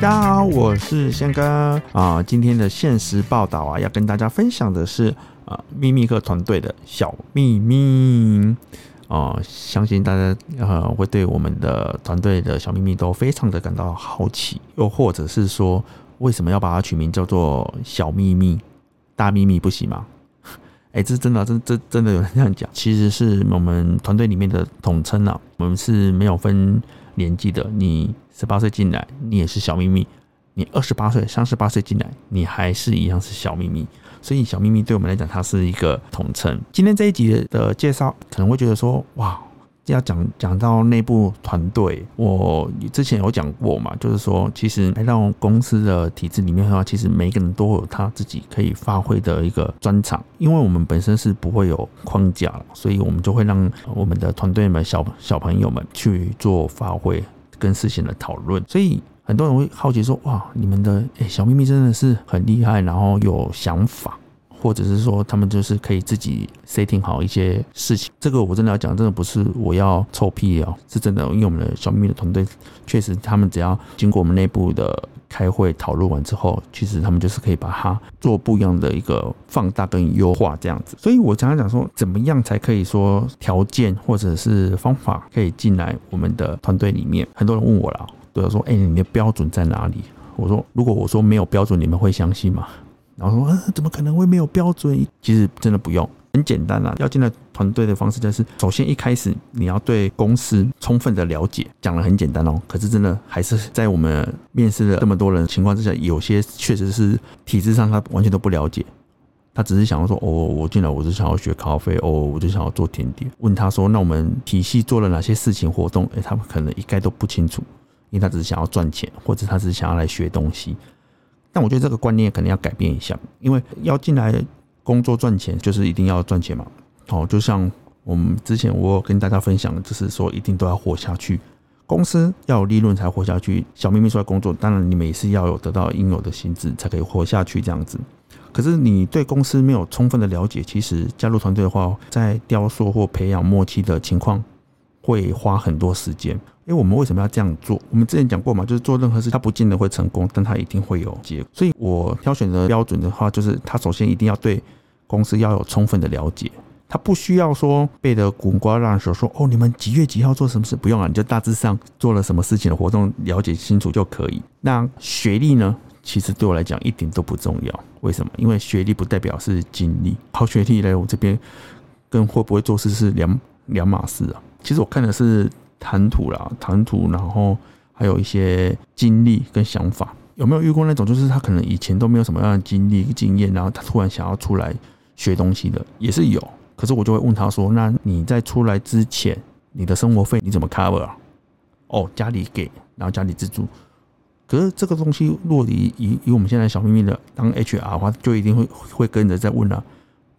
大家好，我是憲哥啊、呃。今天的憲時報導啊，要跟大家分享的是啊、呃，秘密客團隊的小秘密啊、呃，相信大家呃會對我們的團隊的小秘密都非常的感到好奇，又或者是說，為什麼要把它取名叫做小秘密，大秘密不行嗎？哎，這真的，真真真的有人這樣講，其實是我們團隊裡面的統稱啊，我們是沒有分年紀的，你十八歲進來，你也是小秘密；你二十八歲、三十八歲進來，你還是一樣是小秘密。所以小秘密對我們來講，它是一個統稱。今天這一集的介紹，可能會覺得說，哇。要講講到內部團隊，我之前有講過嘛，就是說，其實來到公司的體制裡面的話，其實每個人都有他自己可以發揮的一個專長，因為我們本身是不會有框架，所以我們就會讓我們的團隊們小小朋友們去做發揮跟事情的討論。所以很多人會好奇說：“哇，你們的、欸、小秘密真的是很厲害，然後有想法。”或者是說，他們就是可以自己 setting 好一些事情。這個我真的要講，真的不是我要臭屁哦，是真的。因為我們的小秘密的團隊，確實他們只要經過我們內部的開會討論完之後，其實他們就是可以把它做不一樣的一個放大跟優化這樣子。所以我常常講說，怎麼樣才可以說條件或者是方法可以進來我們的團隊裡面？很多人問我了，都要說，哎、欸，你的標準在哪裡？我說，如果我說沒有標準，你們會相信嗎？然後說啊，怎麼可能會沒有標準？其實真的不用，很簡單啦、啊。要進來團隊的方式就是，首先一開始你要對公司充分的了解。講得很簡單哦，可是真的還是在我們面試了這麼多人情況之下，有些確實是體制上他完全都不了解，他只是想要說哦，我進來我就想要學咖啡，哦，我就想要做甜點。問他說，那我們體系做了哪些事情活動？誒，他們可能一概都不清楚，因為他只是想要賺錢，或者他只是想要來學東西。但我覺得這個觀念可能要改變一下，因為要進來工作賺錢，就是一定要賺錢嘛。好，就像我們之前我有跟大家分享的，就是說一定都要活下去，公司要有利潤才活下去。小秘密出來工作，當然你每次要有得到應有的薪資才可以活下去這樣子。可是你對公司沒有充分的了解，其實加入團隊的話，在雕塑或培養默契的情況，會花很多時間。因為、欸，我們為什麼要這樣做？我們之前講過嘛，就是做任何事，它不見得會成功，但它一定會有結果。所以，我挑選的標準的話，就是他首先一定要對公司要有充分的了解。他不需要說背得滾瓜爛熟，說哦，你們幾月幾號做什麼事？不用啊，你就大致上做了什麼事情的活動，了解清楚就可以。那學歷呢？其實對我來講一點都不重要。為什麼？因為學歷不代表是經歷。靠學歷來我這邊跟會不會做事是兩兩碼事啊。其實我看的是。談吐啦，談吐，然後還有一些經歷跟想法，有沒有遇過那種，就是他可能以前都沒有什麼樣的經歷經驗，然後他突然想要出來學東西的，也是有。可是我就會問他說：“那你在出來之前，你的生活費你怎麼 cover 啊？”哦，家裡給，然後家裡資助。可是這個東西，若你以以我們現在小秘密的當 HR 的話，就一定會會跟着在問了啊。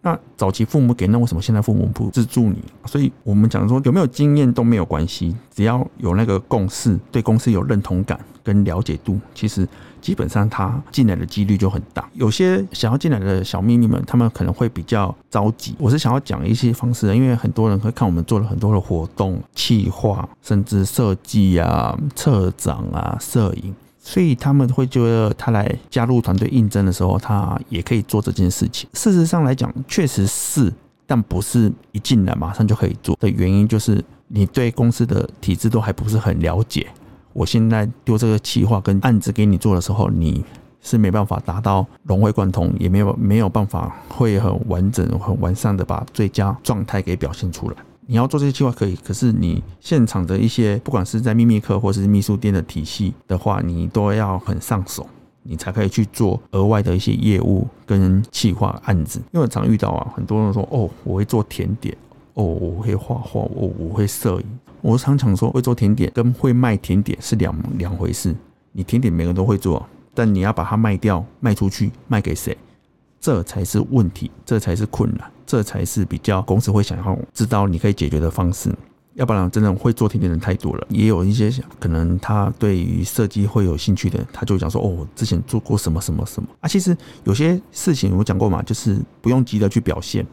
那早期父母給，那為什麼現在父母不資助你？所以我們講說有沒有經驗都沒有關係，只要有那個共識，對公司有認同感跟了解度，其實基本上他進來的幾率就很大。有些想要進來的小秘密們，他們可能會比較着急。我是想要講一些方式的，因為很多人會看我們做了很多的活動企劃，甚至設計啊、策展啊、攝影。所以他們會覺得他來加入團隊應徵的時候，他也可以做這件事情。事實上來講，確實是，但不是一進來馬上就可以做的，原因就是你對公司的體制都還不是很了解。我現在丟這個企劃跟案子給你做的時候，你是沒辦法達到融會貫通，也沒有沒有辦法會很完整、很完善的把最佳狀態給表現出來。你要做這些企劃可以，可是你現場的一些，不管是在秘密客或是秘書店的體系的話，你都要很上手，你才可以去做額外的一些業務跟企劃案子。因為我常遇到啊，很多人說哦，我會做甜點，哦，我會畫畫，我、哦、我會攝影。我常常說，會做甜點跟會賣甜點是兩兩回事。你甜點每個人都會做，但你要把它賣掉、賣出去、賣給誰？這才是問題，這才是困難，這才是比較公司會想要知道你可以解決的方式。要不然，真的會做甜點的人太多了，也有一些可能他對於設計會有興趣的，他就講說：“哦，我之前做過什麼什麼什麼啊。”其實有些事情我講過嘛，就是不用急着去表現。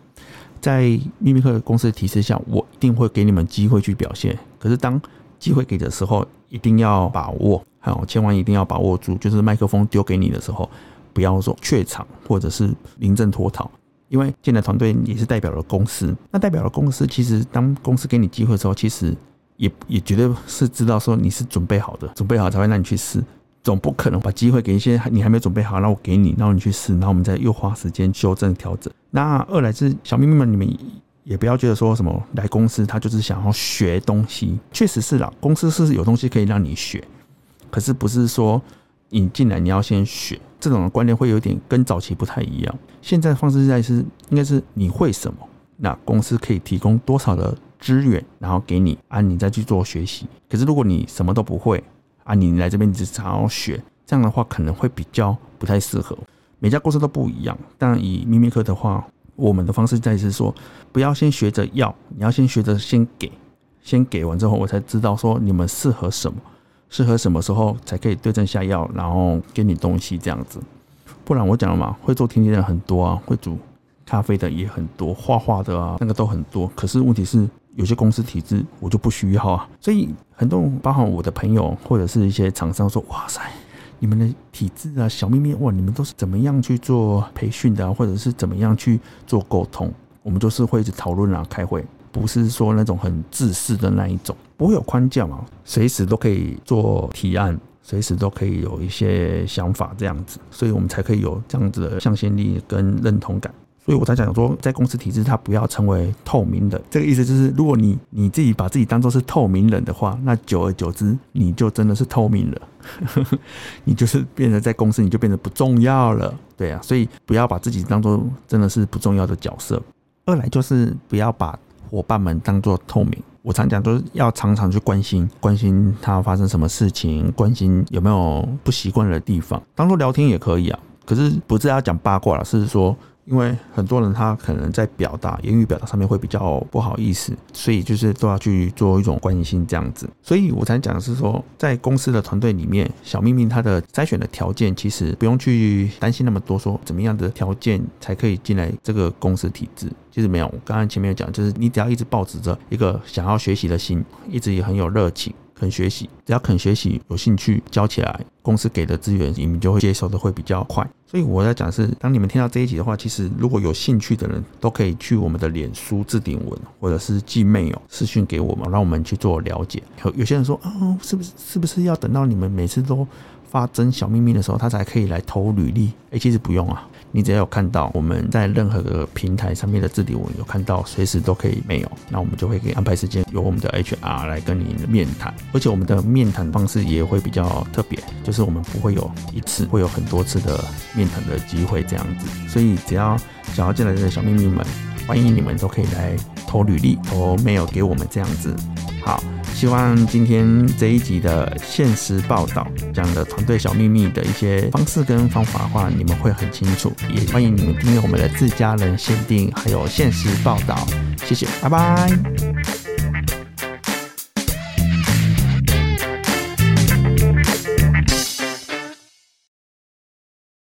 在秘密客的公司提示下，我一定會給你們機會去表現。可是當機會給的時候，一定要把握，還有千萬一定要把握住，就是麥克風丟給你的時候。不要說怯場或者是臨陣脫逃，因為進來團隊也是代表了公司，那代表了公司，其實當公司給你機會的時候，其實也也絕對是知道說你是準備好的，準備好才會讓你去試，總不可能把機會給一些你還沒準備好，然後我給你，然後你去試，然後我們再又花時間修正調整。那二來是小秘密們，你們也不要覺得說什麼來公司他就是想要學東西，確實是啦，公司是有東西可以讓你學，可是不是說。引進來，你要先學，這種的觀念會有點跟早期不太一樣。現在的方式在是，應該是你會什麼，那公司可以提供多少的資源，然後給你啊，你再去做學習。可是如果你什麼都不會啊，你來這邊只想要學，這樣的話可能會比較不太適合。每家公司都不一樣，但以秘密客的話，我們的方式在於是說，不要先學着要，你要先學着先給，先給完之後，我才知道說你們適合什麼。適合什麼時候才可以對症下藥，然後給你東西這樣子，不然我講了嘛，會做甜點的很多啊，會煮咖啡的也很多，畫畫的啊那個都很多。可是問題是，有些公司體制我就不需要啊，所以很多包含我的朋友或者是一些廠商說，哇塞，你們的體制啊小秘密哇，你們都是怎麼樣去做培訓的啊，或者是怎麼樣去做溝通，我們都是會一直討論啊開會。不是說那種很自私的那一種，不會有框架嘛？隨時都可以做提案，隨時都可以有一些想法這樣子，所以我們才可以有這樣子的向心力跟認同感。所以我才講說，在公司體制，它不要成為透明的。這個意思就是，如果你你自己把自己當做是透明人的話，那久而久之，你就真的是透明了， 你就是變得在公司你就變得不重要了。對啊，所以不要把自己當做真的是不重要的角色。二來就是不要把夥伴們當做透明，我常講，就是要常常去關心，關心他發生什麼事情，關心有沒有不習慣的地方。當做聊天也可以啊，可是不是要講八卦了，是，是說。因為很多人他可能在表達言語表達上面會比較不好意思，所以就是都要去做一種關心這樣子。所以我才講的是說，在公司的團隊裡面，小秘密他的篩選的條件其實不用去擔心那麼多，說怎麼樣的條件才可以進來這個公司體制，其實沒有。我剛剛前面有講，就是你只要一直抱持着一個想要學習的心，一直也很有熱情。肯學習，只要肯學習，有興趣教起來，公司給的資源你們就會接收的會比較快。所以我在講是，當你們聽到這一集的話，其實如果有興趣的人，都可以去我們的臉書置頂文，或者是寄 Mail，私訊給我們，讓我們去做了解。有有些人說，啊、哦，是不是是不是要等到你們每次都？發徵小秘密的時候，他才可以來投履歷。哎、欸，其實不用啊，你只要有看到我們在任何個平台上面的置頂，我有看到隨時都可以 mail，那我們就會給安排時間，由我們的 HR 來跟你面談。而且我們的面談方式也會比較特別，就是我們不會有一次，會有很多次的面談的機會這樣子。所以只要想要進來的小秘密們，歡迎你們都可以來投履歷，哦，mail 給我們這樣子，好。希望今天這一集的憲時報導講的團隊小秘密的一些方式跟方法的話，你們會很清楚。也歡迎你們訂閱我們的自家人限定，還有憲時報導。謝謝，拜拜。